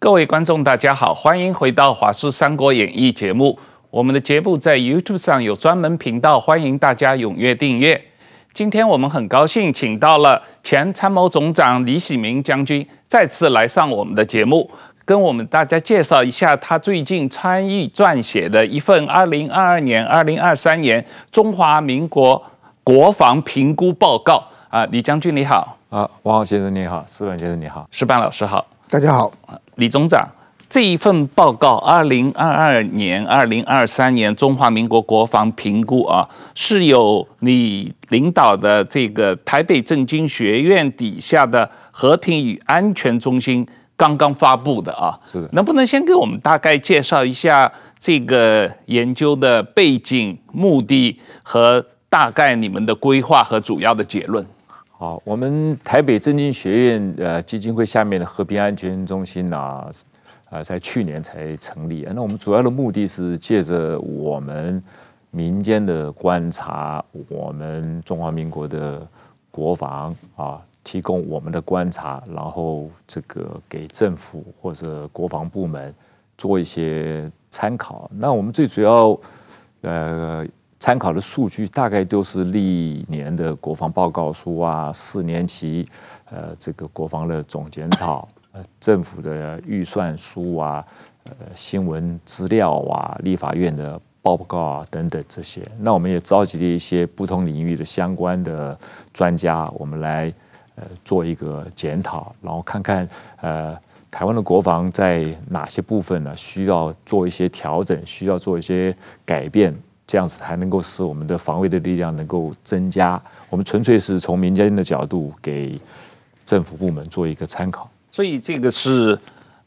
各位觀眾，大家好，歡迎回到《華視三國演議》節目。我們的節目在 YouTube 上有專門頻道，歡迎大家踴躍訂閱。今天我們很高興請到了前參謀總長李喜明將軍再次來上我們的節目，跟我們大家介紹一下他最近參與撰寫的一份二零二二年、二零二三年中華民國國防評估報告。啊，李將軍你好，啊，汪浩先生你好，矢板先生你好，矢板老師好，大家好。李總長，這一份報告《二零二二年、二零二三年中華民國國防評估》啊，是由你領導的這個台北政經學院底下的和平與安全中心剛剛發布的啊。是，能不能先給我們大概介紹一下這個研究的背景、目的和大概你們的規劃和主要的結論？好，我們台北政經學院呃基金會下面的和平安全中心呢，啊，在、呃、去年才成立。那我們主要的目的，是借着我們民間的觀察，我們中華民國的國防啊，提供我們的觀察，然後這個給政府或者國防部門做一些參考。那我們最主要呃。參考的數據大概都是歷年的國防報告書啊，四年期呃這個國防的總檢討，呃政府的預算書啊，呃新聞資料啊，立法院的報告啊等等這些。那我們也召集了一些不同領域的相關的專家，我們來呃做一個檢討，然後看看呃台灣的國防在哪些部分呢啊需要做一些調整，需要做一些改變。這樣子才能夠使我們的防衛的力量能夠增加。我們純粹是從民間的角度，給政府部門做一個參考，所以這個是。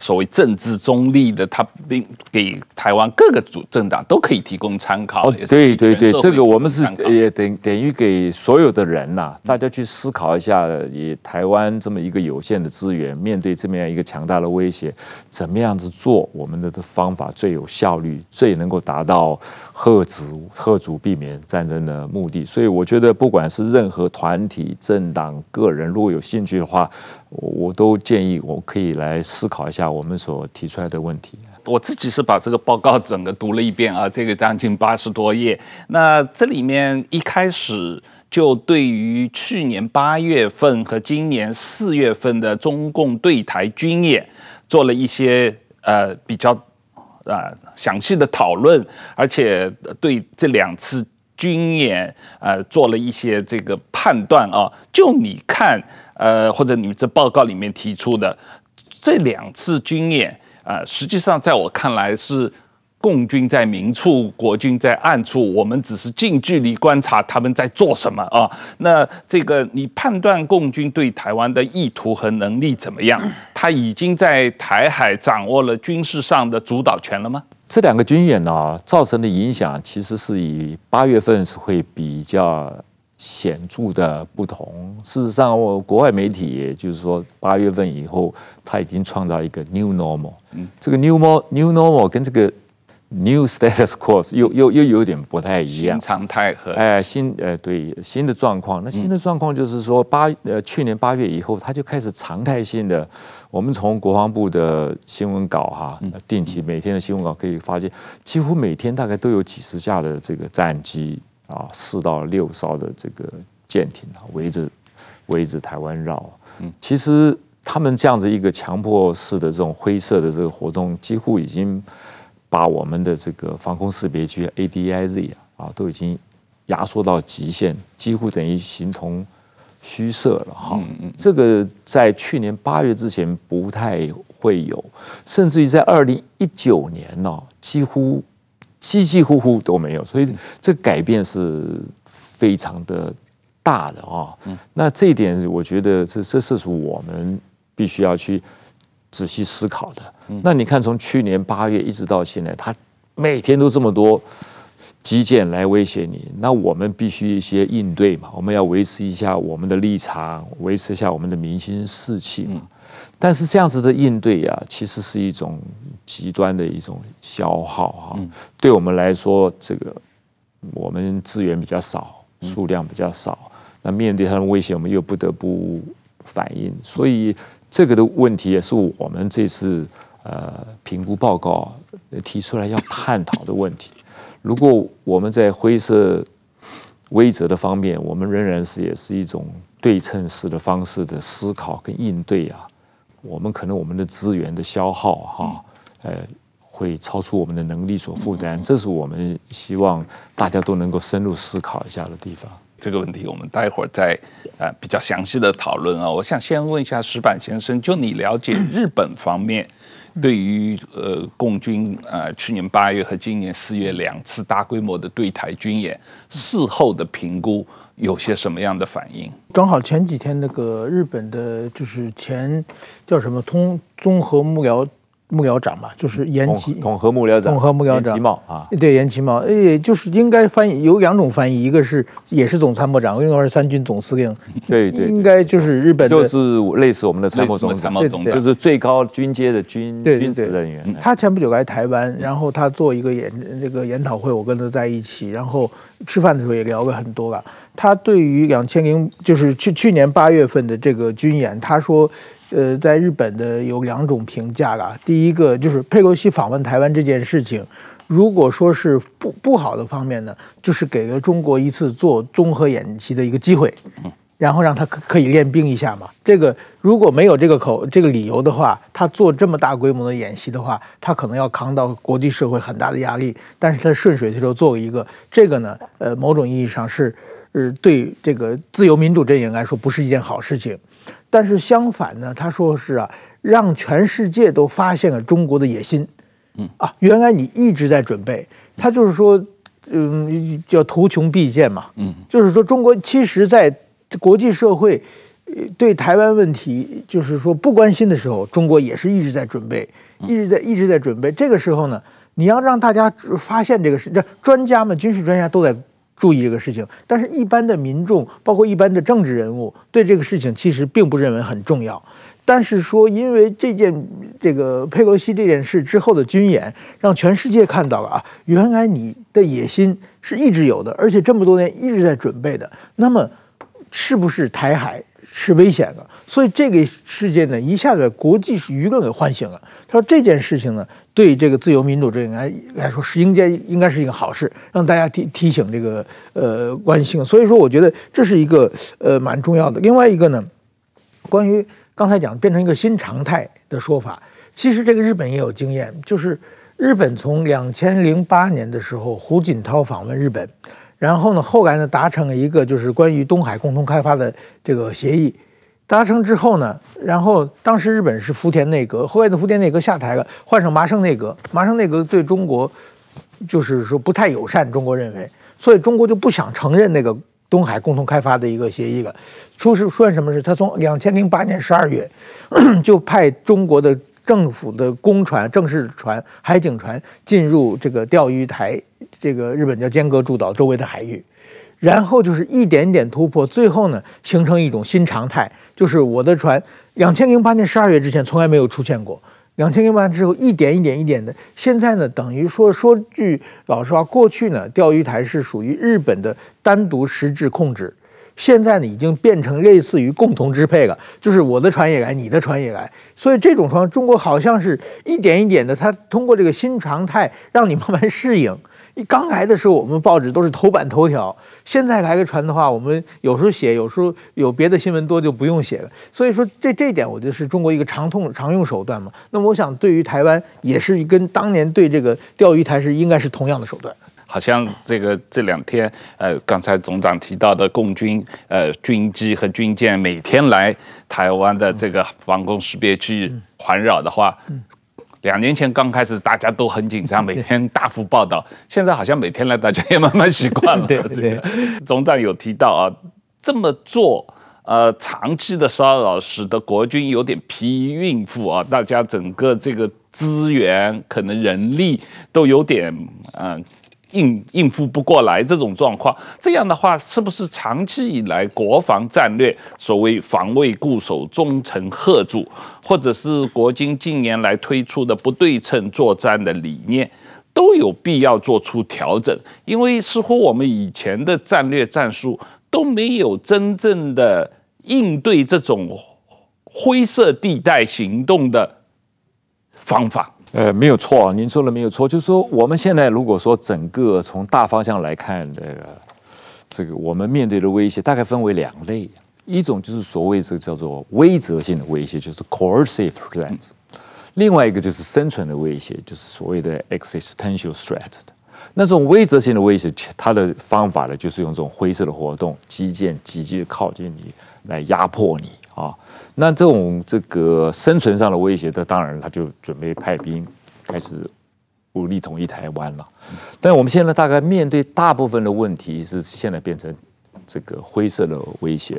所謂政治中立的，它並給台灣各個主政黨都可以提供參考。哦，對對對，這個我們是也等等於給所有的人吶、啊嗯，大家去思考一下，以台灣這麼一個有限的資源，面對這麼樣一個強大的威脅，怎麼樣子做我們的方法最有效率，最能夠達到遏止遏阻避免戰爭的目的。所以我覺得，不管是任何團體、政黨、個人，如果有興趣的話。我我都建議，我可以來思考一下我們所提出來的問題。我自己是把這個報告整個讀了一遍啊，這個將近八十多頁。那這裡面一開始就對於去年八月份和今年四月份的中共對台軍演做了一些呃比較啊、呃、詳細的討論，而且對這兩次軍演啊、呃、做了一些這個判斷啊。就你看。呃，或者你們這報告裡面提出的這兩次軍演啊、呃，實際上在我看來是共軍在明處，國軍在暗處，我們只是近距離觀察他們在做什麼啊、哦。那這個你判斷共軍對台灣的意圖和能力怎麼樣？他已經在台海掌握了軍事上的主導權了嗎？這兩個軍演呢、啊，造成的影響其實是以八月份是會比較。顯著的不同。事實上，我國外媒體也就是說，八月份以後，他已經創造一個 new normal、嗯。這個 new normal new normal 跟這個 new status quo 又又又有點不太一樣。新常態和哎新呃對新的狀況。那新的狀況就是說，八呃去年八月以後，他就開始常態性的。我們從國防部的新聞稿哈、啊，定期每天的新聞稿可以發現，幾乎每天大概都有幾十架的這個戰機。啊、哦，四到六艘的這個艦艇啊，圍着圍着台灣繞。嗯，其實他們這樣子一個強迫式的這種灰色的這個活動，幾乎已經把我們的這個防空識別區 ADIZ 啊，都已經壓縮到極限，幾乎等於形同虛設了哈、哦。嗯嗯。這個在去年八月之前不太會有，甚至於在二零一九年呢，幾乎。稀稀乎乎都沒有，所以這改變是非常的大的啊、哦嗯。那這一點，我覺得這這這是我們必須要去仔細思考的、嗯。那你看，從去年八月一直到現在，他每天都這麼多機艦來威脅你，那我們必須一些應對嘛，我們要維持一下我們的立場，維持一下我們的民心士氣嘛、嗯。但是這樣子的應對呀、啊，其實是一種極端的一種消耗哈、嗯。對我們來說，這個我們資源比較少，數量比較少，嗯、那面對它的威脅，我們又不得不反應。所以這個的問題也是我們這次呃評估報告提出來要探討的問題。如果我們在灰色、規則的方面，我們仍然是也是一種對稱式的方式的思考跟應對啊。我們可能我們的資源的消耗哈，呃，會超出我們的能力所負擔，這是我們希望大家都能夠深入思考一下的地方。這個問題我們待會兒再，呃，比較詳細的討論啊。我想先問一下矢板先生，就你了解日本方面對於呃共軍啊去年八月和今年四月兩次大規模的對台軍演事後的評估。有些什麼樣的反應？正好前幾天那個日本的，就是前叫什麼通綜合幕僚。幕僚長嘛，就是岩崎，統合幕僚長，統合幕僚長啊，對岩崎茂。哎、欸，就是應該翻譯有兩種翻譯，一個是也是總參謀長，另一個是三軍總司令， 對對，對，應該就是日本就是類似我們的參謀總參謀總長，就是最高軍階的軍軍職人員，嗯。他前不久來台灣，然後他做一個研、嗯、這個研討會，我跟他在一起，然後吃飯的時候也聊了很多吧。他對於兩千零就是去去年八月份的這個軍演，他說。呃，在日本的有兩種評價了。第一個就是佩洛西訪問台灣這件事情，如果說是不不好的方面呢，就是給了中國一次做綜合演習的一個機會，然後讓他可可以練兵一下嘛。這個如果沒有這個口這個理由的話，他做這麼大規模的演習的話，他可能要扛到國際社會很大的壓力。但是他順水推舟做了一個這個呢，呃，某種意義上是，呃，對這個自由民主陣營來說不是一件好事情。但是相反呢，他說是啊，讓全世界都發現了中國的野心，嗯啊，原來你一直在準備。他就是說，嗯，叫圖窮匕見嘛，嗯，就是說中國其實在國際社會，對台灣問題就是說不關心的時候，中國也是一直在準備，一直在一直在準備。這個時候呢，你要讓大家發現這個事，這專家們，軍事專家都在。注意這個事情，但是一般的民眾，包括一般的政治人物，對這個事情其實並不認為很重要。但是說，因為這件這個佩洛西這件事之後的軍演，讓全世界看到了啊，原來你的野心是一直有的，而且這麼多年一直在準備的。那麼，是不是台海？是危險的，所以這個事件呢，一下子把國際輿論給喚醒了。他說這件事情呢，對這個自由民主陣營來來說是應該應該是一個好事，讓大家提提醒這個呃關心。所以說我覺得這是一個呃蠻重要的。另外一個呢，關於剛才講變成一個新常態的說法，其實這個日本也有經驗，就是日本從兩千零八年的時候胡錦濤訪問日本。然後呢，後來呢，達成了一個就是關於東海共同開發的這個協議。達成之後呢，然後當時日本是福田內閣，後來的福田內閣下台了，換上麻生內閣，麻生內閣對中國就是說不太友善，中國認為，所以中國就不想承認那個東海共同開發的一個協議了。說是算什麼，是他從二千零八年十二月咳咳就派中國的政府的公船、正式船、海警船進入這個釣魚台，這個日本叫尖閣諸島周圍的海域，然後就是一點點突破，最後呢形成一種新常態，就是我的船2008年12月之前從來沒有出現過，2008年之後一點一點一點的，現在呢等於說說句老實話，過去呢釣魚台是屬於日本的單獨實質控制，現在呢已經變成類似於共同支配了，就是我的船也來，你的船也來，所以這種船中國好像是一點一點的，它通過這個新常態讓你慢慢適應。剛來的時候，我們報紙都是頭版頭條。現在來個船的話，我們有時候寫，有時候有別的新聞多就不用寫了。所以說這，這這一點我覺得是中國一個常通常用手段嘛。那麼，我想對於台灣也是跟當年對這個釣魚台是應該是同樣的手段。好像這個這兩天，呃，剛才總長提到的共軍呃軍機和軍艦每天來台灣的這個防空識別區環繞的話。嗯嗯兩年前剛開始大家都很緊張，每天大幅報道。現在好像每天來大家也慢慢習慣了、這個。對對，總長有提到啊，這麼做，呃，長期的騷擾使得國軍有點疲於應付啊，大家整個這個資源可能人力都有點嗯、呃應應付不過來這種狀況，這樣的話，是不是長期以來國防戰略所謂防衛固守、重層嚇阻，或者是國軍近年來推出的不對稱作戰的理念，都有必要做出調整？因為似乎我們以前的戰略戰術都沒有真正的應對這種灰色地帶行動的。方法，呃，沒有錯，您說的沒有錯。就是說，我們現在如果說整個從大方向來看的，這個我們面對的威脅大概分為兩類，一種就是所謂這個叫做規則性的威脅，就是 coercive threat。另外一個就是生存的威脅，就是所謂的 existential threat 的。那種規則性的威脅，它的方法呢，就是用這種灰色的活動、基建、急劇靠近你來壓迫你。啊，那這種這個生存上的威脅，他當然他就準備派兵，開始武力統一台灣了。但我們現在大概面對大部分的問題是現在變成這個灰色的威脅。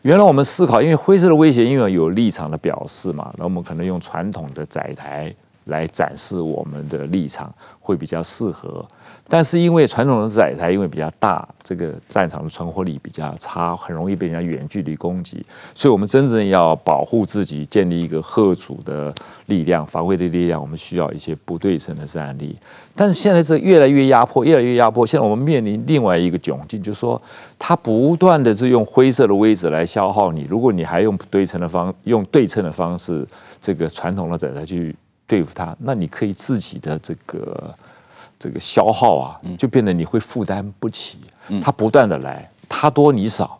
原來我們思考，因為灰色的威脅，因為有立場的表示嘛，那我們可能用傳統的載台來展示我們的立場會比較適合。但是因為傳統的載台因為比較大，這個戰場的存活率比較差，很容易被人家遠距離攻擊，所以我們真正要保護自己，建立一個嚇阻的力量、防衛的力量，我們需要一些不對稱的戰力。但是現在這越來越壓迫，越來越壓迫。現在我們面臨另外一個窘境，就是說它不斷的是用灰色的位置來消耗你，如果你還用不對稱的方、用對稱的方式，這個傳統的載台去對付它，那你可以自己的這個。這個消耗啊，就變得你會負擔不起。他、嗯、不斷的來，他多你少，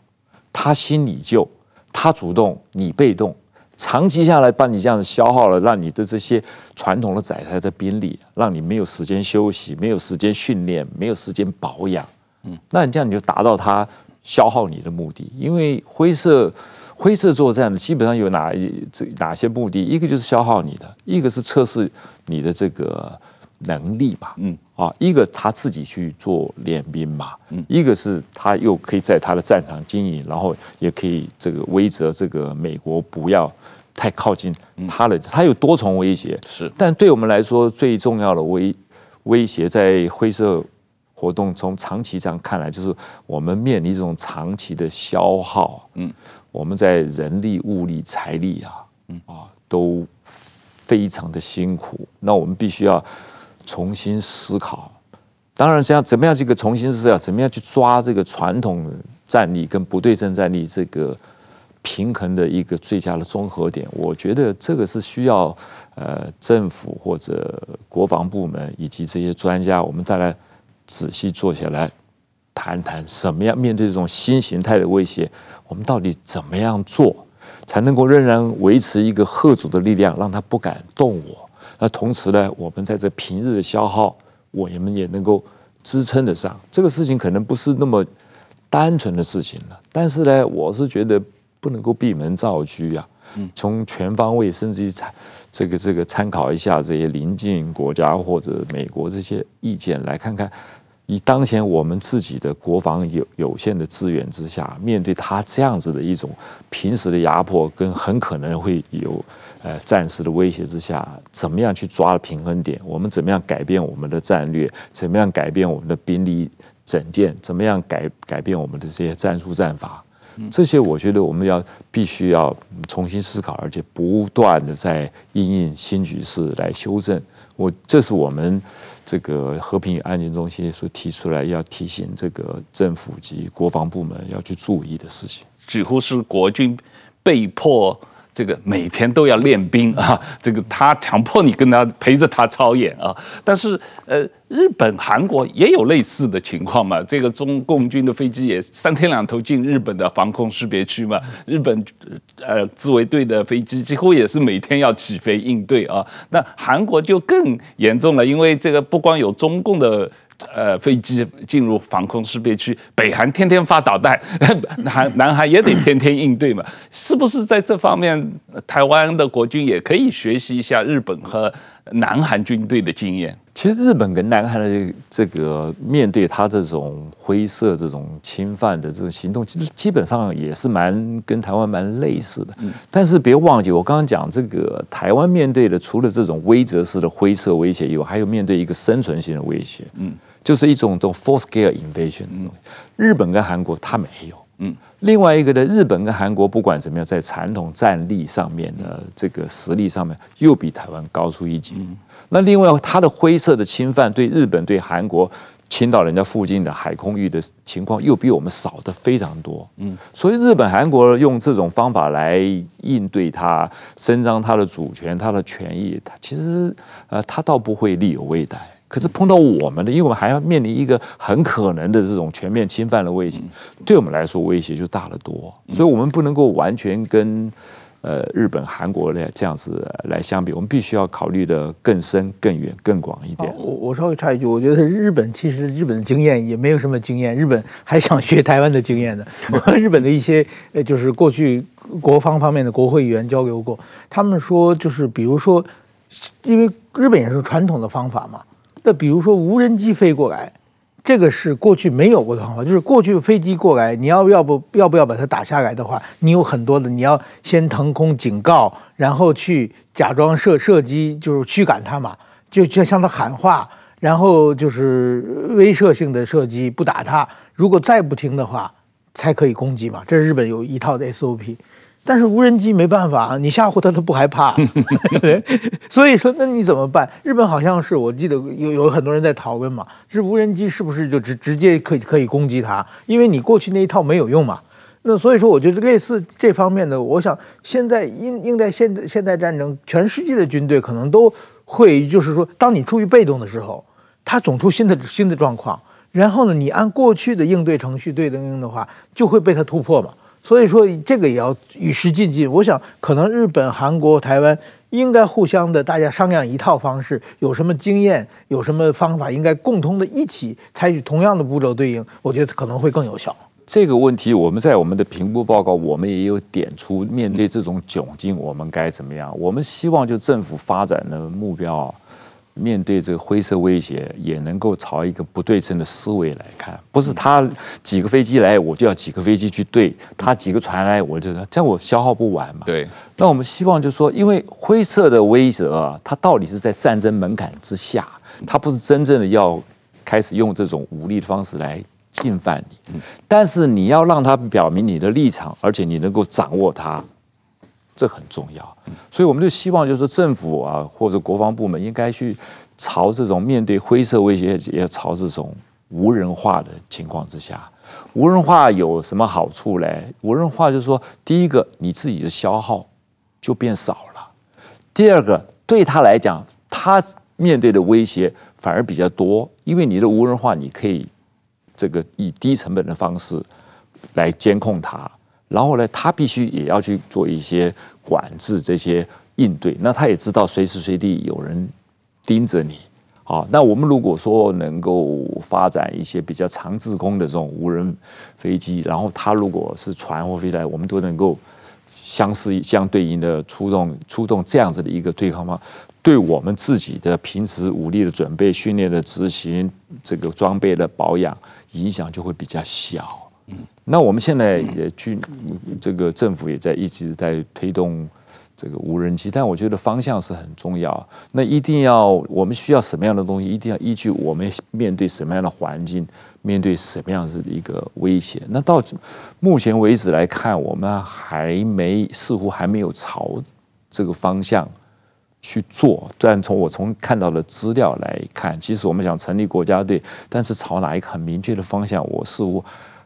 他新你舊，他主動你被動，長期下來把你這樣子消耗了，讓你的這些傳統的載台的兵力，讓你沒有時間休息，沒有時間訓練，沒有時間保養。嗯，那你這樣你就達到他消耗你的目的。因為灰色灰色作戰基本上有哪這哪些目的？一個就是消耗你的，一個是測試你的這個。能力吧，嗯啊，一個他自己去做練兵嘛，嗯，一個是他又可以在他的戰場經營，然後也可以這個威懾這個美國不要太靠近他的，嗯、他有多重威脅是，但對我們來說最重要的威威脅在灰色活動，從長期上看來，就是我們面臨這種長期的消耗，嗯，我們在人力、物力、財力啊，嗯啊，都非常的辛苦，那我們必須要。重新思考，當然這樣怎麼樣這個重新思考，怎麼樣去抓這個傳統戰力跟不對稱戰力這個平衡的一個最佳的綜合點？我覺得這個是需要呃政府或者國防部門以及這些專家，我們再來仔細坐下來談談，怎麼樣面對這種新形態的威脅，我們到底怎麼樣做才能夠仍然維持一個嚇阻的力量，讓他不敢動我。那同時呢，我們在這平日的消耗，我們也能夠支撐得上。這個事情可能不是那麼單純的事情了。但是呢，我是覺得不能夠閉門造車啊。嗯，從全方位，甚至於參這個這個參考一下這些鄰近國家或者美國這些意見，來看看以當前我們自己的國防有有限的資源之下，面對他這樣子的一種平時的壓迫，跟很可能會有。呃，戰時的威脅之下，怎麼樣去抓平衡點？我們怎麼樣改變我們的戰略？怎麼樣改變我們的兵力整建？怎麼樣改改變我們的這些戰術戰法？嗯、這些我覺得我們要必須要重新思考，而且不斷的在因應新局勢來修正。我這是我們這個和平與安全中心所提出來要提醒這個政府及國防部門要去注意的事情。幾乎是國軍被迫。這個每天都要練兵啊，這個他強迫你跟他陪着他操演啊。但是，呃，日本、韓國也有類似的情況嘛。這個中共軍的飛機也三天兩頭進日本的防空識別區嘛。日本，呃，自衛隊的飛機幾乎也是每天要起飛應對啊。那韓國就更嚴重了，因為這個不光有中共的。呃，飛機進入防空識別區，北韓天天發導彈，南南韓也得天天應對嘛。是不是在這方面，台灣的國軍也可以學習一下日本和。南韓軍隊的經驗、嗯，其實日本跟南韓的這個面對他這種灰色這種侵犯的這種行動，其實基本上也是蠻跟台灣蠻類似的。但是別忘記，我剛剛講這個台灣面對的，除了這種威則式的灰色威脅以外，還有面對一個生存性的威脅，嗯，就是一種這種 full-scale invasion 的東西。日本跟韓國他沒有，嗯。另外一個呢，日本跟韓國不管怎麼樣，在傳統戰力上面呢，這個實力上面、嗯、又比台灣高出一級、嗯。那另外，它的灰色的侵犯對日本對韓國，侵到人家附近的海空域的情況又比我們少得非常多。嗯，所以日本韓國用這種方法來應對它，伸張它的主權、它的權益，它其實呃，它倒不會力有未逮。可是碰到我們的，因為我們還要面臨一個很可能的這種全面侵犯的威脅，嗯、對我們來說威脅就大得多，嗯、所以我們不能夠完全跟呃日本、韓國的這樣子來相比，我們必須要考慮的更深、更遠、更廣一點。我、啊、我稍微插一句，我覺得日本其實日本的經驗也沒有什麼經驗，日本還想學台灣的經驗呢。我和日本的一些呃就是過去國防方面的國會議員交流過，他們說就是比如說，因為日本也是傳統的方法嘛。那比如說無人機飛過來，這個是過去沒有過的方法。就是過去飛機過來，你要不要不要不要把它打下來的話，你有很多的，你要先騰空警告，然後去假裝射射擊，就是驅趕它嘛，就就向它喊話，然後就是威懾性的射擊，不打它。如果再不聽的話，才可以攻擊嘛。這日本有一套的 SOP。但是無人機沒辦法啊，你嚇唬他，他不害怕， 所以說，那你怎麼辦？日本好像是我記得有有很多人在討論嘛，是無人機是不是就直直接可以可以攻擊他？因為你過去那一套沒有用嘛。那所以說我覺得類似這方面的，我想現在應應對現現代戰爭，全世界的軍隊可能都會就是說，當你處於被動的時候，他總出新的新的狀況，然後呢，你按過去的應對程序對應的話，就會被他突破嘛。所以說，這個也要與時俱進。我想，可能日本、韓國、台灣應該互相的，大家商量一套方式，有什麼經驗，有什麼方法，應該共同的，一起採取同樣的步驟對應。我覺得可能會更有效。這個問題，我們在我們的評估報告，我們也有點出，面對這種窘境，我們該怎麼樣？我們希望就政府發展的目標。面對這個灰色威脅，也能夠朝一個不對稱的思維來看，不是他幾個飛機來，我就要幾個飛機去對；他幾個船來，我就這樣，我消耗不完嘛。對。那我們希望就是說，因為灰色的威脅啊，它到底是在戰爭門檻之下，它不是真正的要開始用這種武力的方式來侵犯你。但是你要讓他表明你的立場，而且你能夠掌握他。這很重要，所以我們就希望，就是政府啊，或者國防部門應該去朝這種面對灰色威脅，也朝這種無人化的情況之下。無人化有什麼好處嘞？無人化就是說，第一個，你自己的消耗就變少了；第二個，對他來講，他面對的威脅反而比較多，因為你的無人化，你可以這個以低成本的方式來監控它。然後呢，他必須也要去做一些管制這些應對。那他也知道隨時隨地有人盯着你啊。那我們如果說能夠發展一些比較長滯空的這種無人飛機，然後他如果是船或飛機來，我們都能夠相似相對應的出動出動這樣子的一個對抗方，對我們自己的平時武力的準備、訓練的執行、這個裝備的保養影響就會比較小。那我們現在也去，這個政府也在一直在推動這個無人機。但我覺得方向是很重要。那一定要我們需要什麼樣的東西，一定要依據我們面對什麼樣的環境，面對什麼樣的一個威脅。那到目前為止來看，我們還沒，似乎還沒有朝這個方向去做。但從我從看到的資料來看，即使我們想成立國家隊，但是朝哪一個很明確的方向，我似乎。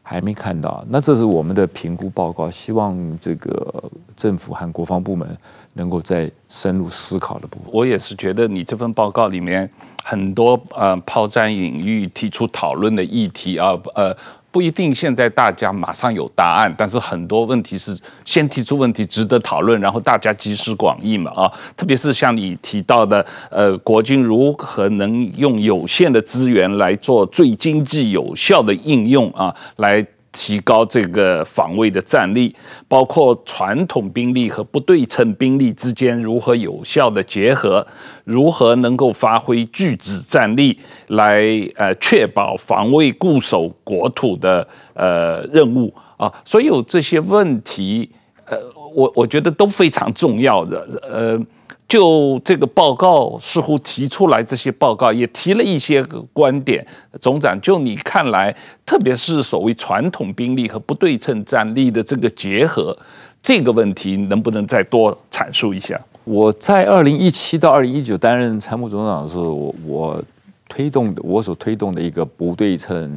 還沒看到，那這是我們的評估報告，希望這個政府和國防部門能夠再深入思考的部分。我也是覺得你這份報告裡面很多呃拋磚引玉、提出討論的議題啊呃。不一定，現在大家馬上有答案，但是很多問題是先提出問題，值得討論，然後大家集思廣益嘛啊，特別是像你提到的，呃，國軍如何能用有限的資源來做最經濟有效的應用啊，來。提高這個防衛的戰力，包括傳統兵力和不對稱兵力之間如何有效的結合，如何能夠發揮拒止戰力來，來呃確保防衛固守國土的呃任務啊，所有這些問題，呃，我我覺得都非常重要的呃。就這個報告，似乎提出來這些報告也提了一些個觀點。總長，就你看來，特別是所謂傳統兵力和不對稱戰力的這個結合，這個問題能不能再多闡述一下？我在二零一七到二零一九擔任參謀總長的時候，我我推動我所推動的一個不對稱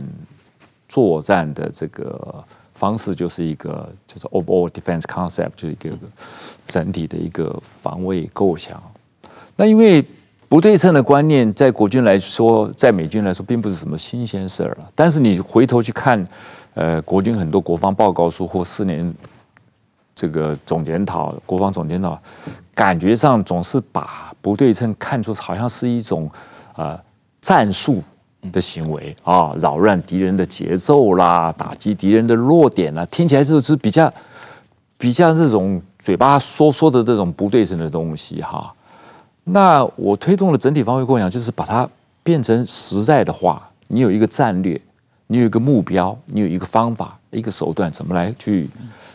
作戰的這個。方式就是一個，就是 overall defense concept，就是一個整體的一個防衛構想。那因為不對稱的觀念在國軍來說，在美軍來說並不是什麼新鮮事兒了。但是你回頭去看，呃，國軍很多國防報告書或四年這個總檢討、國防總檢討，感覺上總是把不對稱看出好像是一種啊、呃、戰術。的行為啊，擾亂敵人的節奏啦，打擊敵人的弱點啦，聽起來就是比較比較這種嘴巴說說的這種不對稱的東西哈。那我推動了整體防衛構想，就是把它變成實在的話，你有一個戰略，你有一個目標，你有一個方法、一個手段，怎麼來去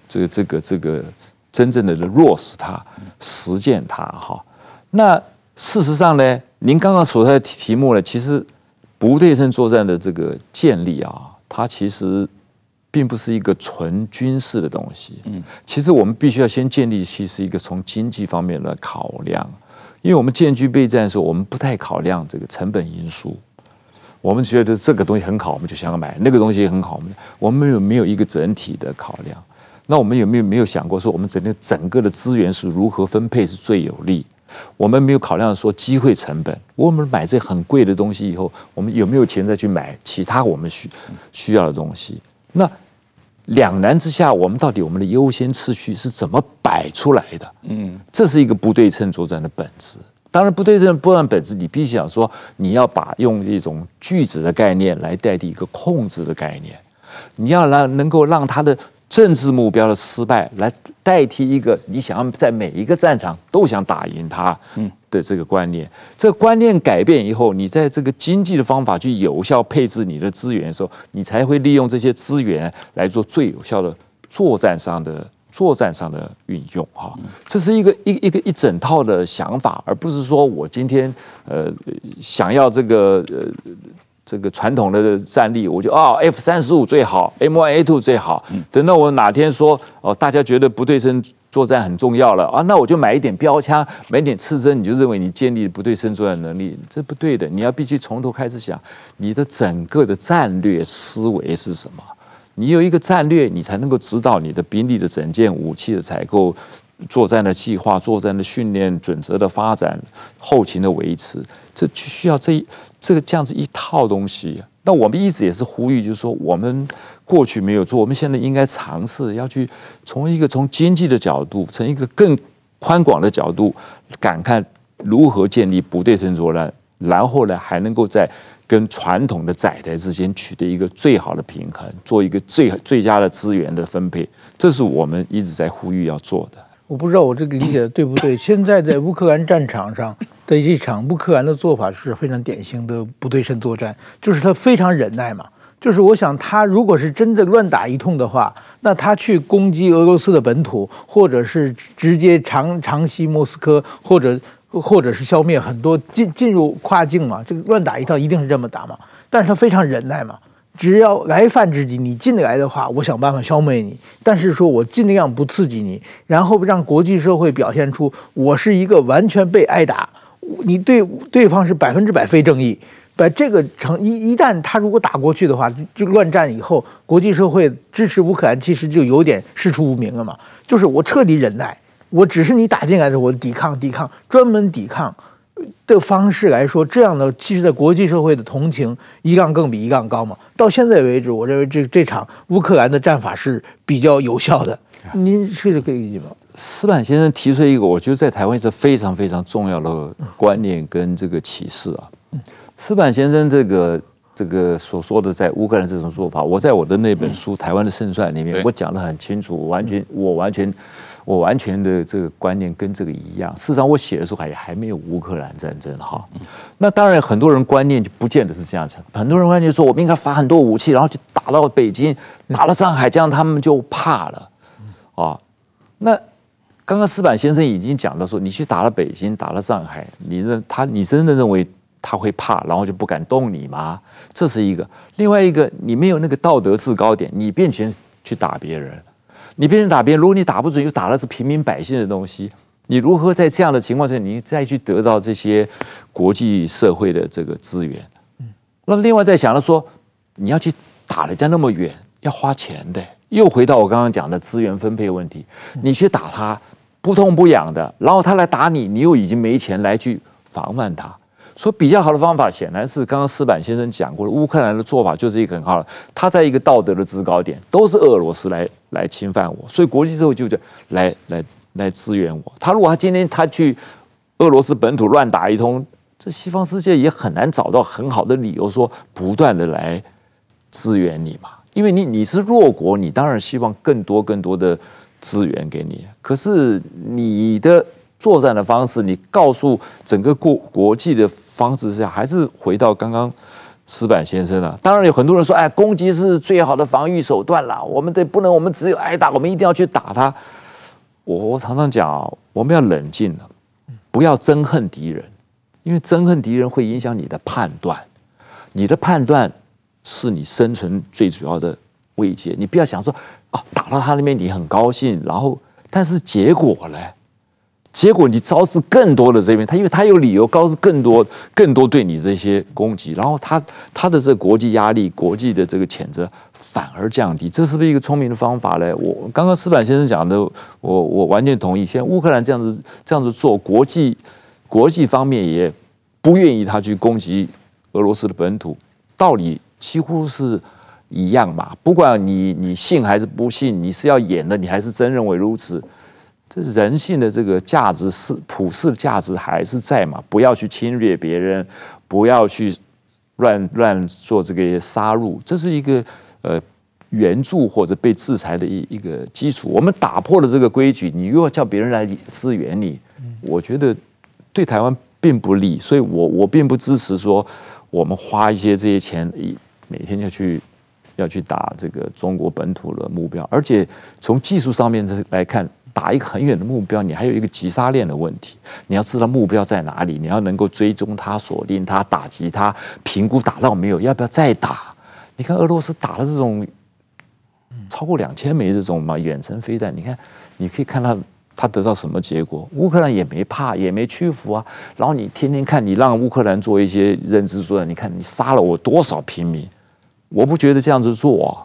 這個這個這個真正的落實它、實踐它哈。那事實上呢，您剛剛所說的題目呢，其實。不對稱作戰的這個建立啊，它其實並不是一個純軍事的東西。嗯，其實我們必須要先建立起是一個從經濟方面的考量，因為我們建軍備戰的時候，我們不太考量這個成本因素。我們覺得這個東西很好，我們就想要買；那個東西很好，我們我們有沒有一個整體的考量？那我們有沒有沒有想過說，我們整個整個的資源是如何分配是最有利？我們沒有考量說機會成本，我們買這很貴的東西以後，我們有沒有錢再去買其他我們需需要的東西？那兩難之下，我們到底我們的優先次序是怎麼擺出來的？嗯，這是一個不對稱作戰的本質。當然，不對稱作戰本質，你必須想說，你要把用這種拒止的概念來代替一個控制的概念，你要讓能夠讓它的。政治目標的失敗，來代替一個你想要在每一個戰場都想打贏他的這個觀念。嗯。這個觀念改變以後，你在這個經濟的方法去有效配置你的資源的時候，你才會利用這些資源來做最有效的作戰上的作戰上的運用。哈。嗯，這是一個一一個一整套的想法，而不是說我今天呃想要這個。呃這個傳統的戰力，我就哦，F 三十五最好，M one A two 最好、嗯。等到我哪天說哦，大家覺得不對稱作戰很重要了啊、哦，那我就買一點標槍，買一點刺針，你就認為你建立不對稱作戰能力，這不對的。你要必須從頭開始想你的整個的戰略思維是什麼。你有一個戰略，你才能夠指導你的兵力的整件武器的採購、作戰的計劃、作戰的訓練準則的發展、後勤的維持。這就需要這。一。這個這樣子一套東西，那我們一直也是呼籲，就是說，我們過去沒有做，我們現在應該嘗試要去從一個從經濟的角度，從一個更寬廣的角度，看看如何建立不對稱作戰，然後呢，還能夠在跟傳統的載台之間取得一個最好的平衡，做一個最最佳的資源的分配，這是我們一直在呼籲要做的。我不知道我這個理解的對不對。現在在烏克蘭戰場上的一場烏克蘭的做法是非常典型的不對稱作戰，就是他非常忍耐嘛。就是我想他如果是真的亂打一通的話，那他去攻擊俄羅斯的本土，或者是直接長長襲莫斯科，或者或者是消滅很多進進入跨境嘛，這個亂打一套一定是這麼打嘛。但是他非常忍耐嘛。只要來犯之敵你進來的話，我想辦法消滅你。但是說我盡量不刺激你，然後讓國際社會表現出我是一個完全被挨打，你對對方是百分之百非正義。把這個成一一旦他如果打過去的話，就亂戰以後，國際社會支持烏克蘭其實就有點師出無名了嘛。就是我徹底忍耐，我只是你打進來的時候我抵抗抵抗，專門抵抗，的方式來說，這樣的其實在國際社會的同情一槓更比一槓高嘛。到現在為止，我認為這這場烏克蘭的戰法是比較有效的。您是可以理解嗎？矢板先生提出一個我覺得在台灣是非常非常重要的觀念跟這個啟示啊。嗯、矢板先生這個這個所說的在烏克蘭這種做法，我在我的那本書《嗯、台灣的勝算》裡面，嗯、我講得很清楚，完全、嗯、我完全。我完全的這個觀念跟這個一樣。事實上，我寫的時候還還沒有烏克蘭戰爭哈、嗯。那當然，很多人觀念就不見得是這樣子。很多人觀念就說，我們應該發很多武器，然後去打到北京，打到上海、嗯，這樣他們就怕了。啊、嗯哦，那剛剛矢板先生已經講到說，你去打了北京，打了上海，你認他，你真的認為他會怕，然後就不敢動你嗎？這是一個。另外一個，你沒有那個道德制高點，你便先去打別人。你別人打別人，如果你打不準，又打的是平民百姓的東西，你如何在這樣的情況下，你再去得到這些國際社會的這個資源？嗯，那另外再想了說，你要去打人家那麼遠，要花錢的，又回到我剛剛講的資源分配問題。你去打他不痛不癢的，然後他來打你，你又已經沒錢來去防範他。說比較好的方法，顯然是剛剛矢板先生講過的。烏克蘭的做法就是一個很好的，他在一個道德的制高點，都是俄羅斯來。來侵犯我，所以國際社會就叫來來來支援我。他如果他今天他去俄羅斯本土亂打一通，這西方世界也很難找到很好的理由說不斷的來支援你嘛，因為你你是弱國，你當然希望更多更多的支援給你。可是你的作戰的方式，你告訴整個國國際的方式下，還是回到剛剛。矢板先生啊，當然有很多人說，哎，攻擊是最好的防禦手段啦。我們得不能，我們只有挨打，我們一定要去打他。我我常常講我們要冷靜、啊，不要憎恨敵人，因為憎恨敵人會影響你的判斷。你的判斷是你生存最主要的慰藉。你不要想說，哦、啊，打到他那邊你很高興，然後但是結果呢？結果你招致更多的這邊，他因為他有理由招致更多，更多對你這些攻擊，然後他他的這個國際壓力、國際的這個譴責反而降低，這是不是一個聰明的方法嘞？我剛剛矢板先生講的，我我完全同意。像烏克蘭這樣子這樣子做，國際國際方面也不願意他去攻擊俄羅斯的本土，道理幾乎是一樣嘛。不管你你信還是不信，你是要演的，你還是真認為如此。人性的這個價值是普世的價值還是在嘛？不要去侵略別人，不要去亂亂做這個殺戮，這是一個呃援助，或者被制裁的一一個基礎。我們打破了這個規矩，你又要叫別人來支援你，我覺得對台灣並不利。所以我我並不支持說我們花一些這些錢，每天要去要去打這個中國本土的目標，而且從技術上面來看。打一個很遠的目標，你還有一個擊殺鏈的問題。你要知道目標在哪裡，你要能夠追蹤它、鎖定它、打擊它、評估打到沒有，要不要再打？你看俄羅斯打了這種超過兩千枚這種嘛遠程飛彈，你看你可以看到它得到什麼結果。烏克蘭也沒怕，也沒屈服啊。然後你天天看你讓烏克蘭做一些認知作戰，你看你殺了我多少平民，我不覺得這樣子做啊。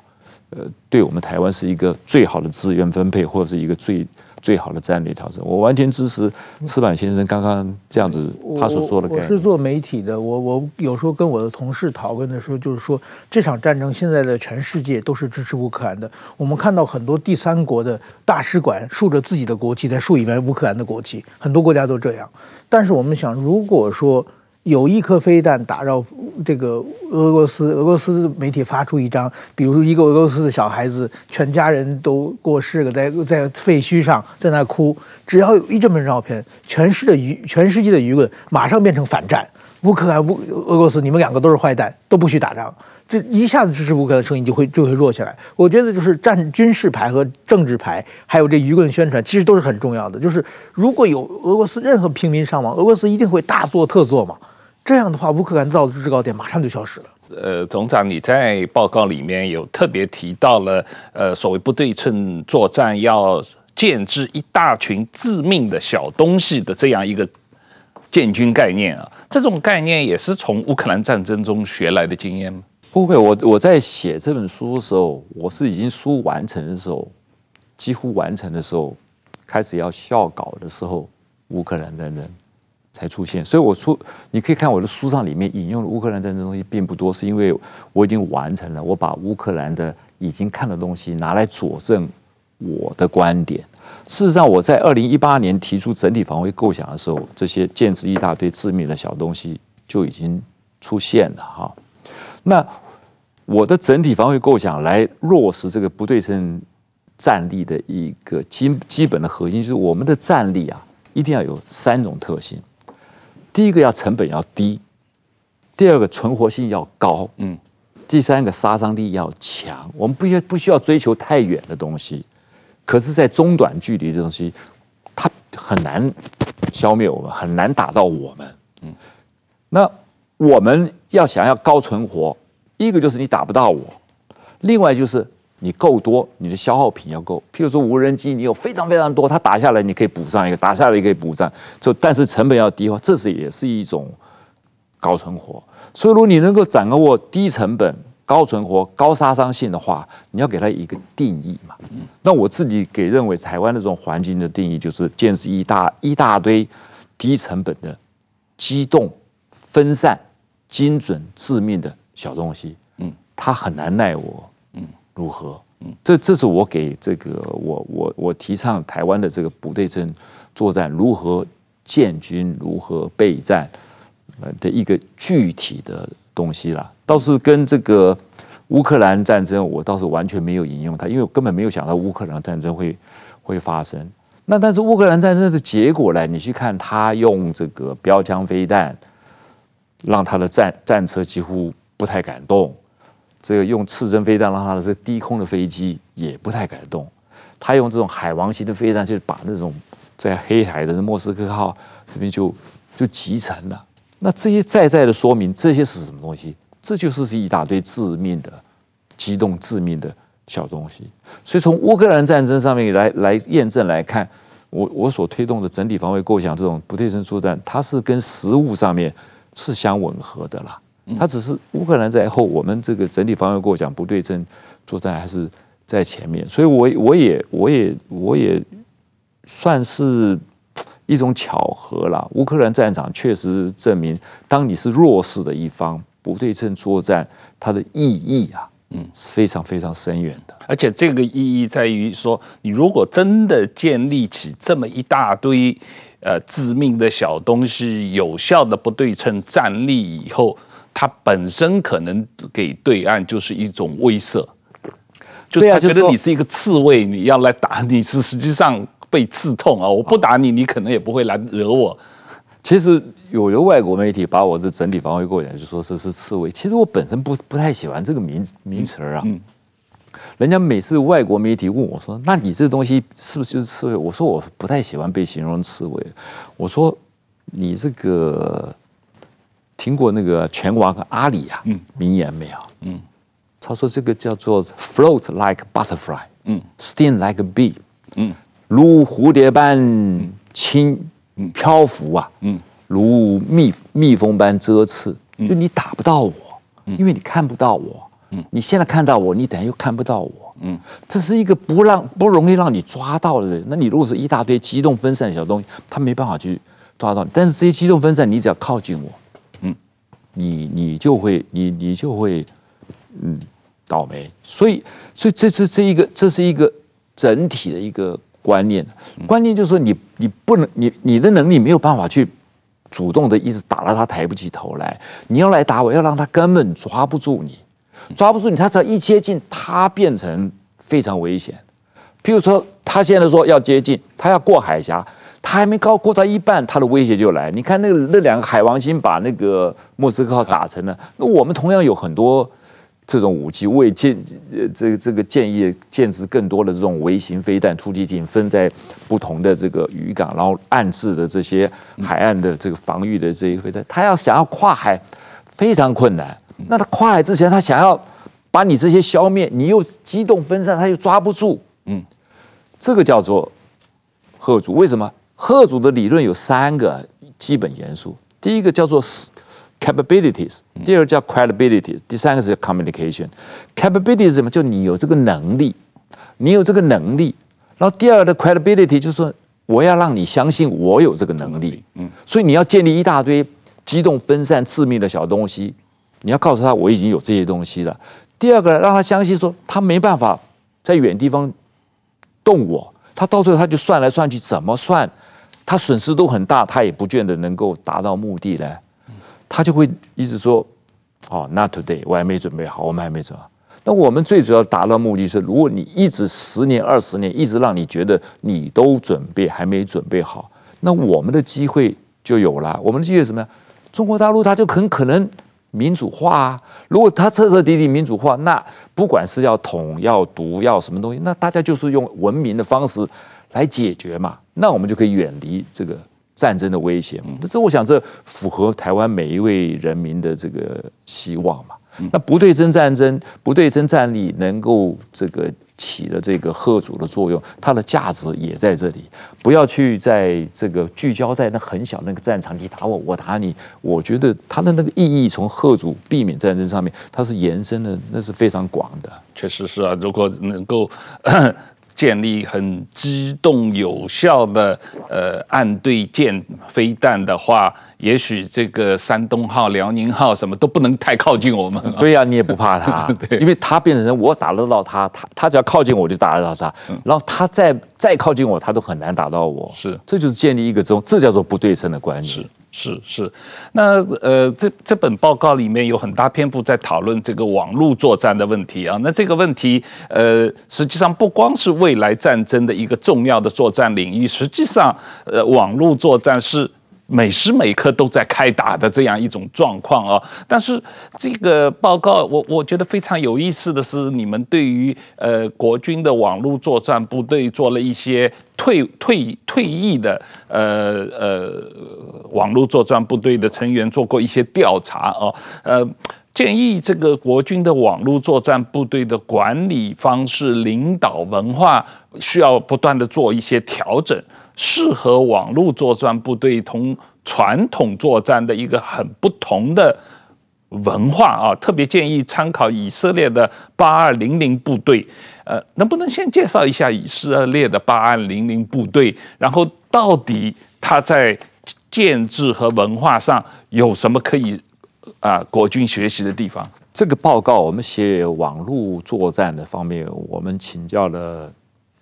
呃，對我們台灣是一個最好的資源分配，或者是一個最最好的戰略調整。我完全支持矢板先生剛剛這樣子他所說的概念。我是做媒體的，我我有時候跟我的同事討論的時候，就是說這場戰爭現在的全世界都是支持烏克蘭的。我們看到很多第三國的大使館豎着自己的國旗，在豎一面烏克蘭的國旗，很多國家都這樣。但是我們想，如果說。有一顆飛彈打到這個俄羅斯，俄羅斯媒體發出一張，比如一個俄羅斯的小孩子，全家人都過世了在，在在廢墟上在那哭。只要有一張照片，全世的輿全世界的輿論馬上變成反戰。烏克蘭、烏俄羅斯，你們兩個都是壞蛋，都不許打仗。這一下子支持烏克蘭的聲音就會就會弱起來。我覺得就是戰軍事牌和政治牌，還有這輿論宣傳，其實都是很重要的。就是如果有俄羅斯任何平民傷亡，俄羅斯一定會大做特做嘛。這樣的話，烏克蘭造的制高點馬上就消失了。呃，總長，你在報告裡面有特別提到了，呃，所謂不對稱作戰要建制一大群致命的小東西的這樣一個建軍概念啊，這種概念也是從烏克蘭戰爭中學來的經驗嗎？不會，我我在寫這本書的時候，我是已經書完成的時候，幾乎完成的時候，開始要校稿的時候，烏克蘭戰爭。才出現，所以我出，你可以看我的書上裡面引用的烏克蘭戰爭東西並不多，是因為我已經完成了，我把烏克蘭的已經看的東西拿來佐證我的觀點。事實上，我在二零一八年提出整體防衛構想的時候，這些建制一大堆致命的小東西就已經出現了哈。那我的整體防衛構想來落實這個不對稱戰力的一個基基本的核心，就是我們的戰力啊，一定要有三種特性。第一個要成本要低，第二個存活性要高，嗯，第三個殺傷力要強。我們不需要不需要追求太遠的東西，可是，在中短距離的東西，它很難消滅我們，很難打到我們，嗯。那我們要想要高存活，一個就是你打不到我，另外就是。你夠多，你的消耗品要夠。譬如說無人機，你有非常非常多，它打下來你可以補上一個，打下來也可以補上。就但是成本要低的話，這是也是一種高存活。所以如果你能夠掌握低成本、高存活、高殺傷性的話，你要給它一個定義嘛。嗯。那我自己給認為，台灣的這種環境的定義就是建設一大一大堆低成本的機動分散精準致命的小東西。嗯。它很難奈我。如何？嗯，這這是我給這個我我我提倡台灣的這個不對稱作戰如何建軍、如何備戰呃的一個具體的東西啦。倒是跟這個烏克蘭戰爭，我倒是完全沒有引用它，因為我根本沒有想到烏克蘭戰爭會會發生。那但是烏克蘭戰爭的結果呢？你去看，他用這個標槍飛彈，讓他的戰戰車幾乎不太敢動。這個用刺針飛彈，讓他的這個低空的飛機也不太敢動。他用這種海王型的飛彈就把那種在黑海的莫斯科號這邊就就擊沉了。那這些在在的說明，這些是什麼東西？這就是是一大堆致命的、機動致命的小東西。所以從烏克蘭戰爭上面來來驗證來看，我我所推動的整體防衛構想這種不對稱作戰，它是跟實物上面是相吻合的啦。他只是烏克蘭在後，我們這個整體防衛構想講，不對稱作戰還是在前面，所以我，我也我也我也我也算是一種巧合啦。烏克蘭戰場確實證明，當你是弱勢的一方，不對稱作戰它的意義啊，嗯，是非常非常深遠的。而且這個意義在於說，你如果真的建立起這麼一大堆呃致命的小東西，有效的不對稱戰力以後。它本身可能給對岸就是一種威懾，就是他覺得你是一個刺蝟，你要來打你是實際上被刺痛啊！我不打你，你可能也不會來惹我。其實有的外國媒體把我這整體防衛過來就說這是刺蝟。其實我本身不不太喜歡這個名名詞啊。人家每次外國媒體問我說：“那你這東西是不是就是刺蝟？”我說：“我不太喜歡被形容刺蝟。”我說：“你這個。”聽過那個拳王和阿里啊、嗯，名言沒有？嗯、他說：“這個叫做 float like butterfly，嗯，sting like a bee，嗯，如蝴蝶般輕、嗯、漂浮啊，嗯，如蜜蜜蜂般蜇刺、嗯，就你打不到我、嗯，因為你看不到我，嗯，你現在看到我，你等下又看不到我，嗯，這是一個不讓不容易讓你抓到的人。那你如果是一大堆機動分散的小東西，他沒辦法去抓到你。但是這些機動分散，你只要靠近我。”你你就會你你就會，嗯，倒霉。所以所以這是這，這一個這是一個整體的一個觀念，觀念就是說你你不能你你的能力沒有辦法去主動的一直打到他抬不起頭來。你要來打我，要讓他根本抓不住你，抓不住你，他只要一接近，他變成非常危險。譬如說，他現在說要接近，他要過海峽。他還沒高，過到一半，他的威脅就來。你看那個、那兩個海王星把那個莫斯科號打沉了。那我們同樣有很多這種武器，為建呃這個這個建議建制更多的這種微型飛彈突擊艇，分在不同的這個漁港，然後暗示的這些海岸的這個防禦的這些飛彈，他、嗯、要想要跨海非常困難。那他跨海之前，他想要把你這些消滅，你又機動分散，他又抓不住。嗯，這個叫做嚇阻，為什麼？嚇阻的理論有三個基本元素：第一個叫做 capabilities，第二個叫 credibility，第三個是 communication。capabilities 什麼？就你有這個能力，你有這個能力。然後第二個的 credibility 就是說我要讓你相信我有這個能力。嗯。所以你要建立一大堆機動分散致命的小東西，你要告訴他，我已經有這些東西了。第二個，讓他相信說他沒辦法在遠地方動我，他到最後他就算來算去怎麼算？他損失都很大，他也不見得能夠達到目的嘞。他就會一直說：“哦、oh, not today 我還沒準備好，我們還沒準備好。”那我們最主要達到目的是：如果你一直十年、二十年一直讓你覺得你都準備還沒準備好，那我們的機會就有了。我們的機會是什麼？中國大陸他就很可能民主化啊。如果他徹徹底底民主化，那不管是要統、要獨、要什麼東西，那大家就是用文明的方式。來解決嘛，那我們就可以遠離這個戰爭的威脅，這我想這符合台灣每一位人民的這個希望嘛。那不對稱戰爭、不對稱戰力能夠這個起的這個嚇阻的作用，它的價值也在這裡。不要去在這個聚焦在那很小那個戰場，你打我，我打你。我覺得它的那個意義從嚇阻避免戰爭上面，它是延伸的，那是非常廣的。確實是啊，如果能夠。 建立很機動有效的呃岸對艦飛彈的話，也許這個山東號、遼寧號什麼都不能太靠近我們。對呀、啊，你也不怕它， 因為它變成人我打得到它，它只要靠近我就打得到它，嗯，然後它再再靠近我，它都很難打到我。是，這就是建立一個中，這叫做不對稱的關係。是是，那呃，這這本報告裡面有很大篇幅在討論這個網絡作戰的問題啊。那這個問題，呃，實際上不光是未來戰爭的一個重要的作戰領域，實際上，呃，網絡作戰是每時每刻都在開打的這樣一種狀況啊，但是這個報告我，我我覺得非常有意思的是，你們對於呃國軍的網絡作戰部隊做了一些退退退役的呃呃網絡作戰部隊的成員做過一些調查啊，呃建議這個國軍的網絡作戰部隊的管理方式、領導文化需要不斷的做一些調整。適合網絡作戰部隊同傳統作戰的一個很不同的文化啊，特別建議參考以色列的八二零零部隊。呃，能不能先介紹一下以色列的八二零零部隊？然後到底他在建制和文化上有什麼可以啊國軍學習的地方？這個報告我們寫網絡作戰的方面，我們請教了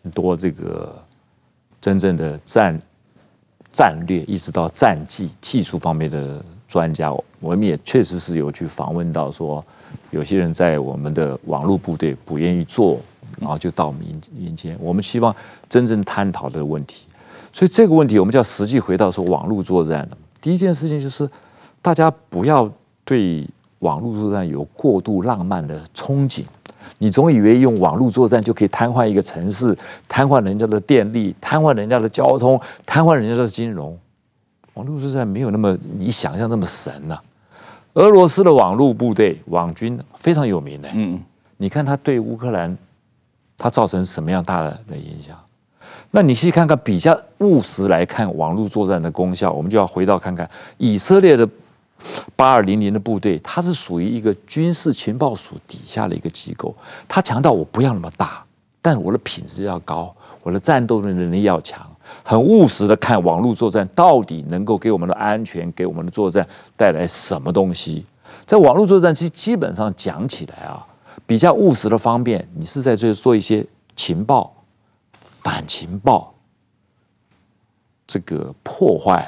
很多這個。真正的戰戰略，一直到戰技技術方面的專家，我們也確實是有去訪問到，說有些人在我們的網絡部隊不願意做，然後就到我們民間，我們希望真正探討的問題。所以這個問題，我們就要實際回到說網絡作戰了。第一件事情就是，大家不要對網絡作戰有過度浪漫的憧憬。你總以為用網絡作戰就可以癱瘓一個城市，癱瘓人家的電力，癱瘓人家的交通，癱瘓人家的金融。網絡作戰沒有那麼你想象那麼神吶、啊。俄羅斯的網絡部隊、網軍非常有名的。嗯，你看他對烏克蘭，他造成什麼樣大的影響？那你去看看，比較務實來看網絡作戰的功效，我們就要回到看看以色列的。八二零零的部隊，它是屬於一個軍事情報署底下的一個機構。它強調，我不要那麼大，但我的品質要高，我的戰鬥的能力要強，很務實的看網絡作戰到底能夠給我們的安全、給我們的作戰帶來什麼東西。在網絡作戰基基本上講起來啊，比較務實的方面，你是在這說一些情報、反情報、這個破壞、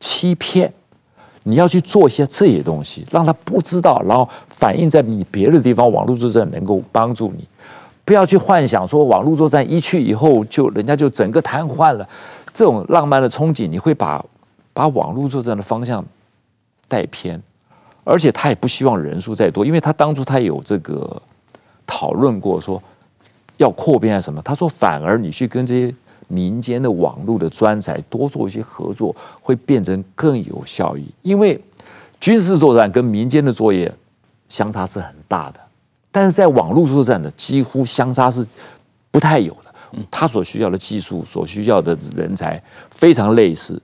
欺騙。你要去做一些這些東西，讓他不知道，然後反映在你別的地方，網絡作戰能夠幫助你。不要去幻想說網絡作戰一去以後就人家就整個癱瘓了，這種浪漫的憧憬，你會把把網絡作戰的方向帶偏。而且他也不希望人數再多，因為他當初他有這個討論過，說要擴編什麼。他說，反而你去跟這些。民間的網絡的專才多做一些合作，會變成更有效益。因為軍事作戰跟民間的作業相差是很大的，但是在網絡作戰的幾乎相差是不太有的。它所需要的技術、所需要的人才非常類似，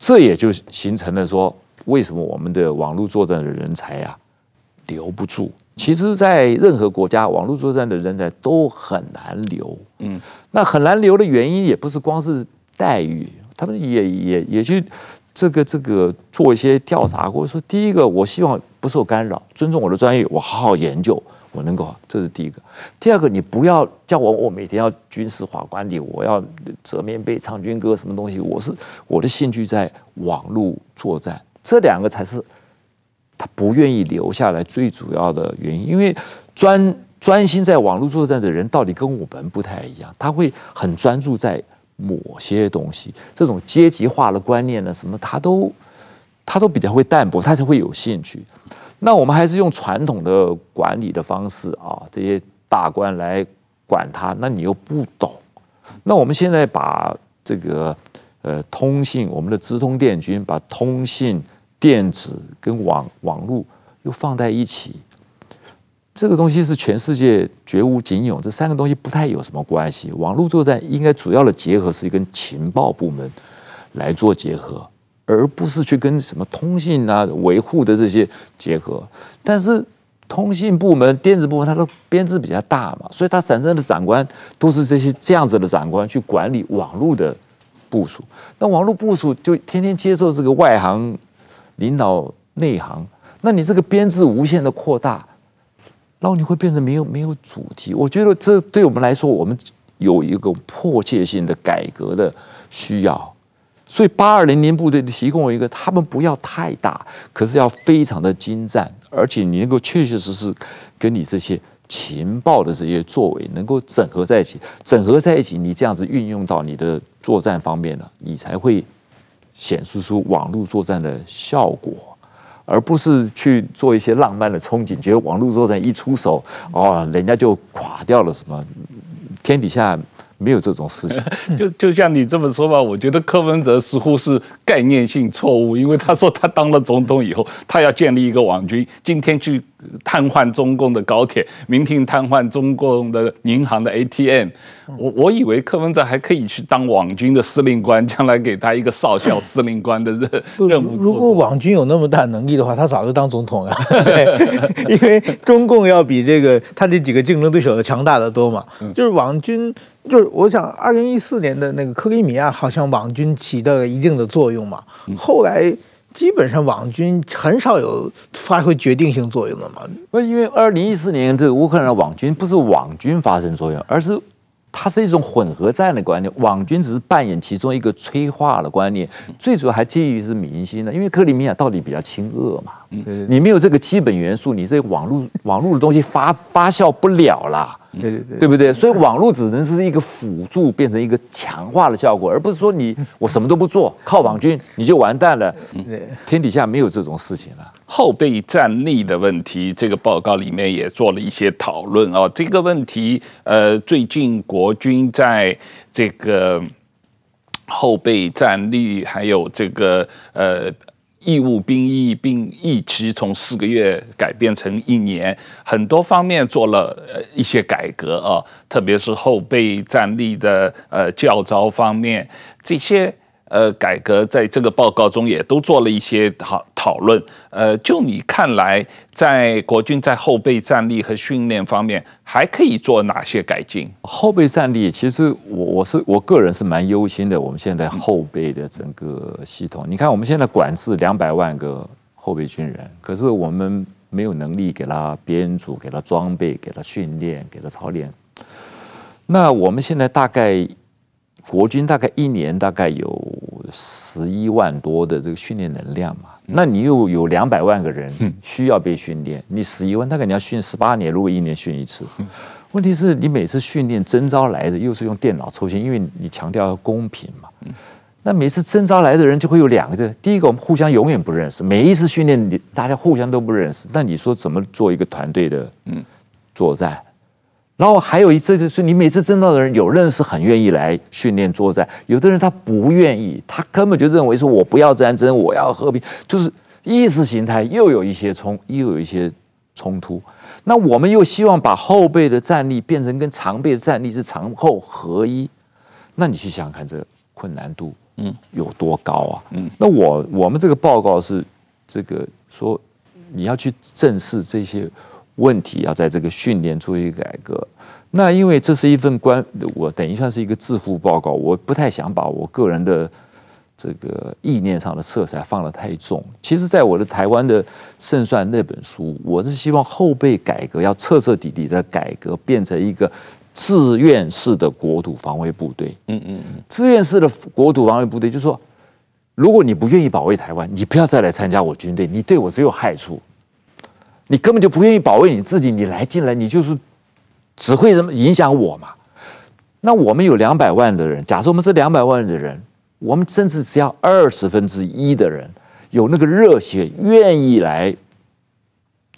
這也就形成了說，為什麼我們的網絡作戰的人才呀，留不住？其實，在任何國家，網絡作戰的人才都很難留。嗯，那很難留的原因也不是光是待遇，他們也也也去這個這個做一些調查過。說第一個，我希望不受干擾，尊重我的專業，我好好研究，我能夠，這是第一個。第二個，你不要叫我，我每天要軍事化管理，我要折棉被、唱軍歌什麼東西。我是我的興趣在網絡作戰，這兩個才是。他不願意留下來，最主要的原因，因為專專心在網絡作戰的人，到底跟我們不太一樣。他會很專注在某些東西，這種階級化的觀念呢，什麼他都他都比較會淡薄，他才會有興趣。那我們還是用傳統的管理的方式啊，這些大官來管他，那你又不懂。那我們現在把這個呃通信，我們的資通電軍把通信。電子跟網網路又放在一起，這個東西是全世界絕無僅有。這三個東西不太有什麼關係。網路作戰應該主要的結合是跟情報部門來做結合，而不是去跟什麼通信啊、維護的這些結合。但是通信部門、電子部門它的編制比較大嘛，所以它產生的長官都是這些這樣子的長官去管理網路的部署。那網路部署就天天接受這個外行，領導內行，那你這個編制無限的擴大，然後你會變成沒有沒有主題。我覺得這對我們來說，我們有一個迫切性的改革的需要。所以八二零零部隊提供了一個，他們不要太大，可是要非常的精湛，而且你能夠確確實實跟你這些情報的這些作為能夠整合在一起，整合在一起，你這樣子運用到你的作戰方面了，你才會。顯示出網絡作戰的效果，而不是去做一些浪漫的憧憬。覺得網絡作戰一出手，哦，人家就垮掉了什麼？天底下沒有這種事情。 就就像你這麼說吧，我覺得柯文哲似乎是概念性錯誤，因為他說他當了總統以後，他要建立一個網軍，今天去。癱瘓中共的高鐵，明天癱瘓中共的銀行的 ATM。我我以為柯文哲還可以去當網軍的司令官，將來給他一個少校司令官的任任務。如果網軍有那麼大能力的話，他早就當總統了。 因為中共要比這個他這幾個競爭對手要強大得多嘛。就是網軍，就是我想，二零一四年的那個克里米亞，好像網軍起到了一定的作用嘛。後來。基本上網軍很少有發揮決定性作用的嘛。因為二零一四年這個烏克蘭的網軍不是網軍發生作用，而是它是一種混合戰的觀念，網軍只是扮演其中一個催化的觀念，最主要還介於是民心的，因為克里米亞到底比較親俄嘛。你沒有這個基本元素，你這網絡網絡的東西發發酵不了啦，對不對？所以網絡只能是一個輔助，變成一個強化的效果，而不是說你我什麼都不做，靠網軍你就完蛋了。天底下沒有這種事情了。後備戰力的問題，這個報告裡面也做了一些討論哦，這個問題，呃，最近國軍在這個後備戰力，還有這個呃。義務兵役兵役期從四個月改變成一年，很多方面做了、呃、一些改革啊，特別是後備戰力的呃教召方面這些。呃，改革在這個報告中也都做了一些討討論。呃，就你看來，在國軍在後備戰力和訓練方面還可以做哪些改進？後備戰力，其實我我是我個人是蠻憂心的。我們現在後備的整個系統，你看，我們現在管制兩百萬個後備軍人，可是我們沒有能力給他編組、給他裝備、給他訓練、給他操練。那我們現在大概。國軍大概一年大概有十一萬多的這個訓練能量嘛、嗯，那你又有兩百萬個人需要被訓練，你十一萬，他肯定要訓十八年，如果一年訓一次、嗯。問題是你每次訓練徵召來的又是用電腦抽籤，因為你強調要公平嘛、嗯。那每次徵召來的人就會有兩個，第一個我們互相永遠不認識，每一次訓練你大家互相都不認識，那你說怎麼做一個團隊的作戰嗯？嗯然後還有一次就是，你每次徵到的人有認識很願意來訓練作戰，有的人他不願意，他根本就認為說，我不要戰爭，我要和平，就是意識形態又有一些衝，又有一些衝突。那我們又希望把後備的戰力變成跟常備的戰力是常後合一，那你去想想看，這個困難度嗯有多高啊？嗯，那我我們這個報告是這個說，你要去正視這些。問題，要在這個訓練做一些改革。那因為這是一份官，我等於算是一個智庫報告，我不太想把我個人的這個意念上的色彩放得太重。其實，在我的台灣的勝算那本書，我是希望後備改革要徹徹底底的改革，變成一個志願式的國土防衛部隊。嗯嗯嗯，志願式的國土防衛部隊就是，就說如果你不願意保衛台灣，你不要再來參加我軍隊，你對我只有害處。你根本就不願意保衛你自己，你來進來，你就是只會什麼影響我嘛。那我們有兩百萬的人，假設我們這兩百萬的人，我們甚至只要二十分之一的人有那個熱血願意來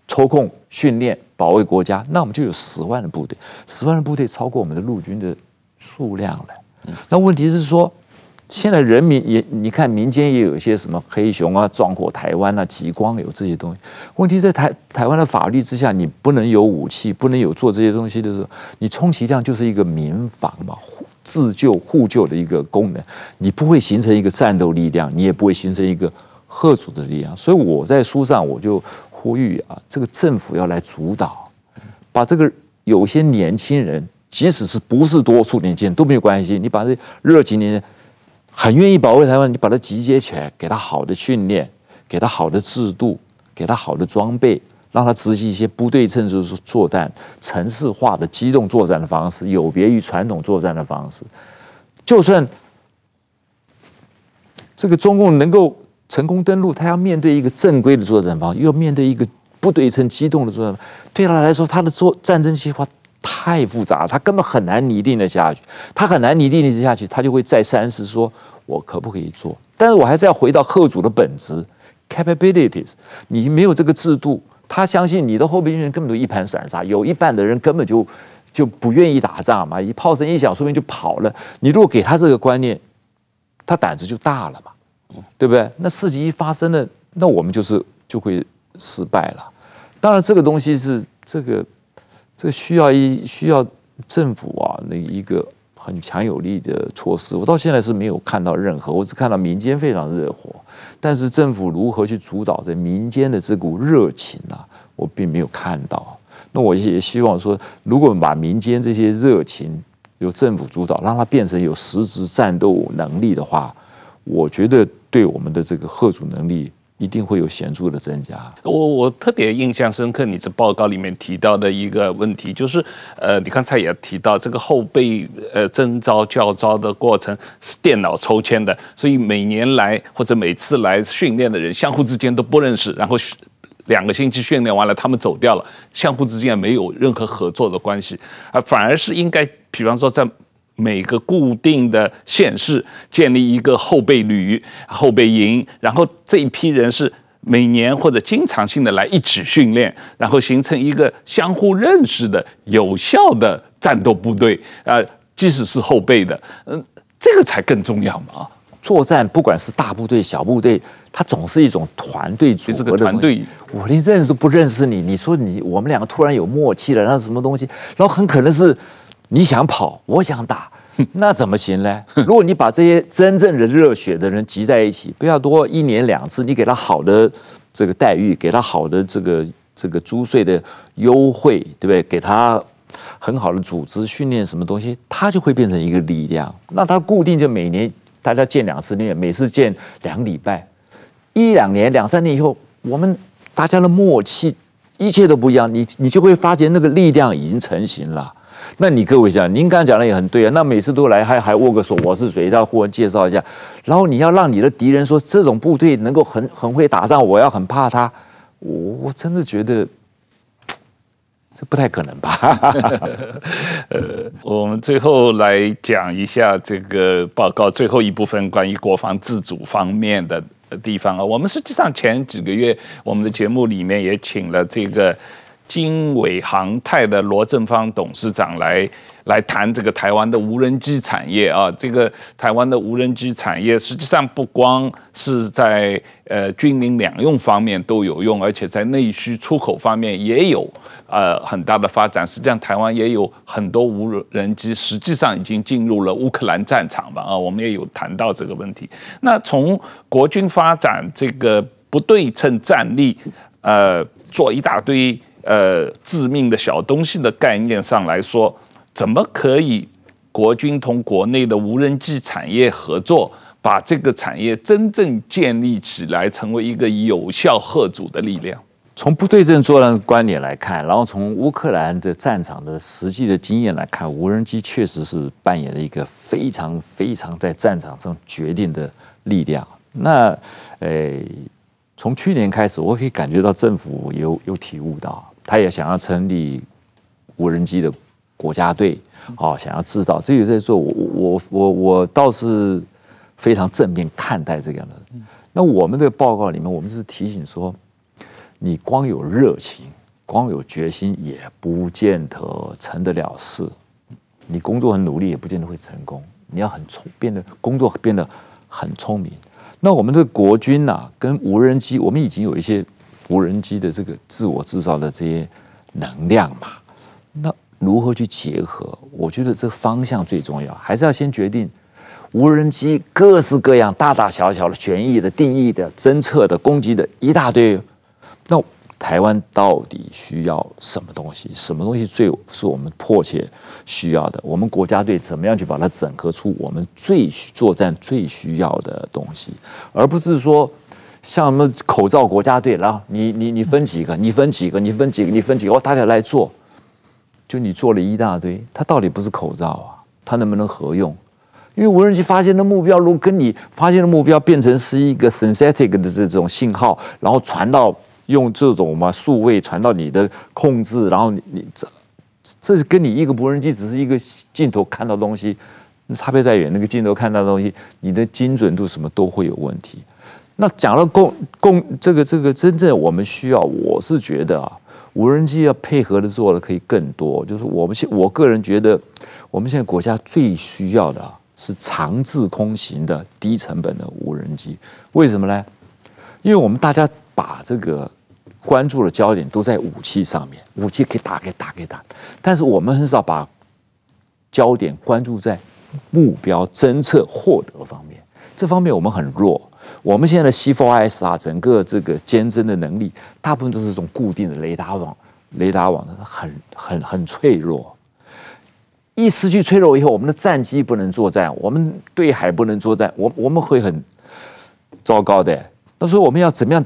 抽空訓練保衛國家，那我們就有十萬的部隊，十萬的部隊超過我們的陸軍的數量了。那問題是說。現在人民也，你看民間也有一些什麼黑熊啊、壯闊台灣啊、極光有這些東西。問題在台台灣的法律之下，你不能有武器，不能有做這些東西的時候，你充其量就是一個民防嘛，自救互救的一個功能，你不會形成一個戰鬥力量，你也不會形成一個嚇阻的力量。所以我在書上我就呼籲啊，這個政府要來主導，把這個有些年輕人，即使是不是多數年輕人都沒有關係，你把這熱情的人。很願意保衛台灣，你把它集結起來，給他好的訓練，給他好的制度，給他好的裝備，讓他執行一些不對稱就是說作戰、城市化的機動作戰的方式，有別於傳統作戰的方式。就算這個中共能夠成功登陸，他要面對一個正規的作戰方，又要面對一個不對稱機動的作戰方，對他來說，他的作戰爭計劃太複雜了，他根本很難擬定的下去，他很難擬定的下去，他就會再三思說，我可不可以做？但是我還是要回到嚇阻的本質，capabilities，你沒有這個制度，他相信你的後備軍根本都一盤散沙，有一半的人根本就就不願意打仗嘛，一炮聲一響，說不定就跑了。你如果給他這個觀念，他膽子就大了嘛，對不對？那事情一發生了，那我們就是就會失敗了。當然，這個東西是這個。這需要一需要政府啊，那一個很強有力的措施。我到現在是沒有看到任何，我只看到民間非常熱火，但是政府如何去主導這民間的這股熱情呢、啊？我並沒有看到。那我也希望說，如果把民間這些熱情由政府主導，讓它變成有實質戰鬥能力的話，我覺得對我們的這個嚇阻能力，一定會有顯著的增加。我我特別印象深刻，你這報告裡面提到的一個問題，就是，呃，你剛才也提到這個後備，呃，徵召、教召的過程是電腦抽籤的，所以每年來或者每次來訓練的人相互之間都不認識，然後兩個星期訓練完了，他們走掉了，相互之間沒有任何合作的關係啊，而反而是應該比方說在。每個固定的縣市建立一個後備旅、後備營，然後這一批人是每年或者經常性的來一起訓練，然後形成一個相互認識的有效的戰鬥部隊。啊，即使是後備的，嗯，這個才更重要嘛。作戰不管是大部隊、小部隊，它總是一種團隊組合。團隊，我連認識都不認識你，你說你我們兩個突然有默契了，那是什麼東西？然後很可能是。你想跑，我想打，那怎麼行呢？如果你把這些真正的熱血的人集在一起，不要多一年兩次，你給他好的這個待遇，給他好的這個這個租稅的優惠，對不對？給他很好的組織訓練，什麼東西，他就會變成一個力量。那他固定就每年大家見兩次面，每次見兩禮拜，一兩年、兩三年以後，我們大家的默契一切都不一樣，你你就會發覺那個力量已經成型了。那你各位講，您剛剛講的也很對啊。那每次都來還還握個手，我是誰？他互相介紹一下，然後你要讓你的敵人說這種部隊能夠很很會打仗，我要很怕他，我我真的覺得這不太可能吧？ 呃，我們最後來講一下這個報告最後一部分關於國防自主方面的地方啊。我們實際上前幾個月我們的節目裡面也請了這個。經緯航太的羅正方董事長來來談這個台灣的無人機產業啊，這個台灣的無人機產業實際上不光是在呃軍民兩用方面都有用，而且在內需出口方面也有呃很大的發展。實際上，台灣也有很多無人機，實際上已經進入了烏克蘭戰場吧？啊，我們也有談到這個問題。那從國軍發展這個不對稱戰力，呃，做一大堆。呃，致命的小東西的概念上來說，怎麼可以國軍同國內的無人機產業合作，把這個產業真正建立起來，成為一個有效嚇阻的力量？從不對稱作戰的觀點來看，然後從烏克蘭的戰場的實際的經驗來看，無人機確實是扮演了一個非常非常在戰場上決定的力量。那，呃、欸，從去年開始，我可以感覺到政府有有體悟到。他也想要成立無人機的國家隊，啊、嗯哦，想要製造，至於這也在做。我我我我倒是非常正面看待這樣的。嗯、那我們的報告裡面，我們是提醒說，你光有熱情，光有決心也不見得成得了事。你工作很努力，也不見得會成功。你要很聰，變得工作變得很聰明。那我們的國軍吶、啊，跟無人機，我們已經有一些。無人機的這個自我製造的這些能量嘛，那如何去結合？我覺得這方向最重要，還是要先決定無人機各式各樣、大大小小的旋翼的定義的偵測的攻擊的一大堆。那台灣到底需要什麼東西？什麼東西最是我們迫切需要的？我們國家隊怎麼樣去把它整合出我們最需作戰最需要的東西，而不是說。像什麼口罩國家隊，然後你你你分幾個？你分幾個？你分幾個？你分幾個？我大家來做，就你做了一大堆，它到底不是口罩啊？它能不能合用？因為無人機發現的目標，如果跟你發現的目標變成是一個 synthetic 的這種信號，然後傳到用這種嘛數位傳到你的控制，然後你你這這是跟你一個無人機只是一個鏡頭看到東西，差別太遠，那個鏡頭看到的東西，你的精準度什麼都會有問題。那講到共共這個這個真正我們需要，我是覺得啊，無人機要配合的做的可以更多。就是我們現我個人覺得，我們現在國家最需要的是長滯空型的低成本的無人機。為什麼呢？因為我們大家把這個關注的焦點都在武器上面，武器可以打，可以打，可以打。但是我們很少把焦點關注在目標偵測獲得方面，這方面我們很弱。我們現在的 C4ISR 啊，整個這個監偵的能力，大部分都是這種固定的雷達網，雷達網很很很脆弱，一失去脆弱以後，我們的戰機不能作戰，我們對海不能作戰，我我們會很糟糕的。那所以我們要怎麼樣，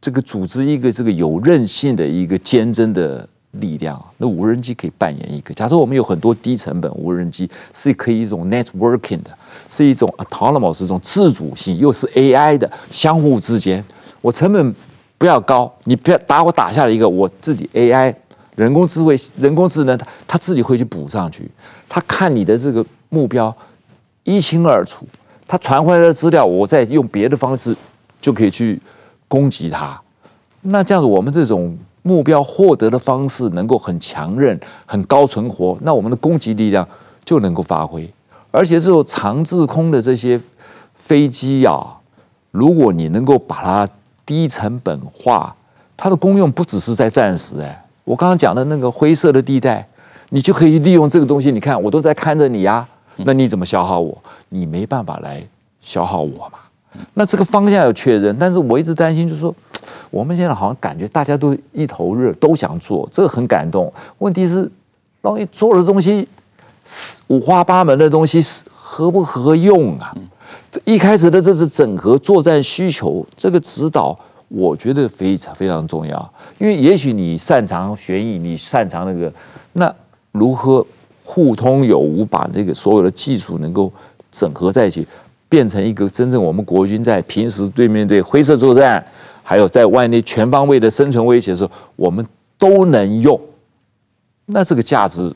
這個組織一個這個有韌性的一個監偵的力量，那無人機可以扮演一個。假設我們有很多低成本無人機，是可以一種 networking 的。是一種，autonomous 這種自主性，又是 AI 的，相互之間，我成本不要高，你不要打，我打下來一個，我自己 AI 人工智慧人工智能，它自己會去補上去，它看你的這個目標一清二楚，它傳回來的資料，我再用別的方式就可以去攻擊它，那這樣子我們這種目標獲得的方式能夠很強韌，很高存活，那我們的攻擊力量就能夠發揮。而且這種長滯空的這些飛機啊，如果你能夠把它低成本化，它的功用不只是在戰時哎，我剛剛講的那個灰色的地帶，你就可以利用這個東西。你看，我都在看着你啊，那你怎麼消耗我？你沒辦法來消耗我嘛。那這個方向要確認，但是我一直擔心，就是說我們現在好像感覺大家都一頭熱，都想做，這個很感動。問題是，萬一你做的東西……五花八門的東西合不合用啊？這一開始的這是整合作戰需求，這個指導我覺得非常非常重要。因為也許你擅長旋翼，你擅長那個，那如何互通有無，把那個所有的技術能夠整合在一起，變成一個真正我們國軍在平時對面對灰色作戰，還有在外面全方位的生存威脅的時候，我們都能用，那這個價值。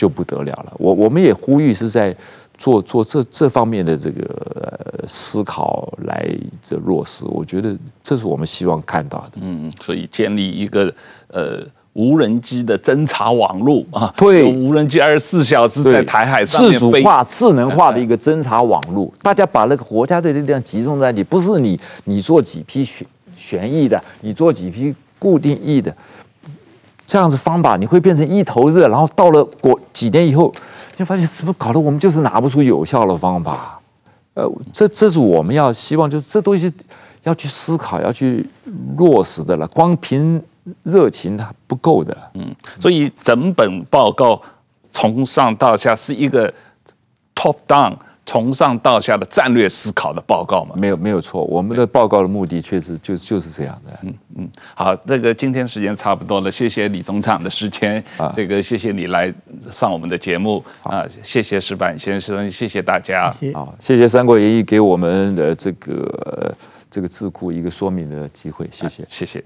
就不得了了，我我們也呼籲是在做做這這方面的這個呃思考來這落實，我覺得這是我們希望看到的。嗯嗯，所以建立一個呃無人機的偵察網絡啊，對，無人機二十四小時在台海上自主化、智能化，的一個偵察網絡， 大家把那個國家隊的力量集中在你，不是你你做幾批旋旋翼的，你做幾批固定翼的。這樣子方法你會變成一頭熱，然後到了過幾年以後，就發現怎麼搞得我們就是拿不出有效的方法，呃，這這是我們要希望，就這東西要去思考、要去落實的了，光憑熱情它不夠的。嗯，所以整本報告從上到下是一個 top down。從上到下的戰略思考的報告嘛，沒有沒有錯，我們的報告的目的確實就是就是、就是這樣的。嗯嗯，好，這個今天時間差不多了，謝謝李總長的時間，啊，這個謝謝你來上我們的節目啊，啊，謝謝矢板先生，謝謝大家，謝謝好，謝謝《三國演議》給我們的這個這個智庫一個說明的機會，謝謝，啊、謝謝。謝謝。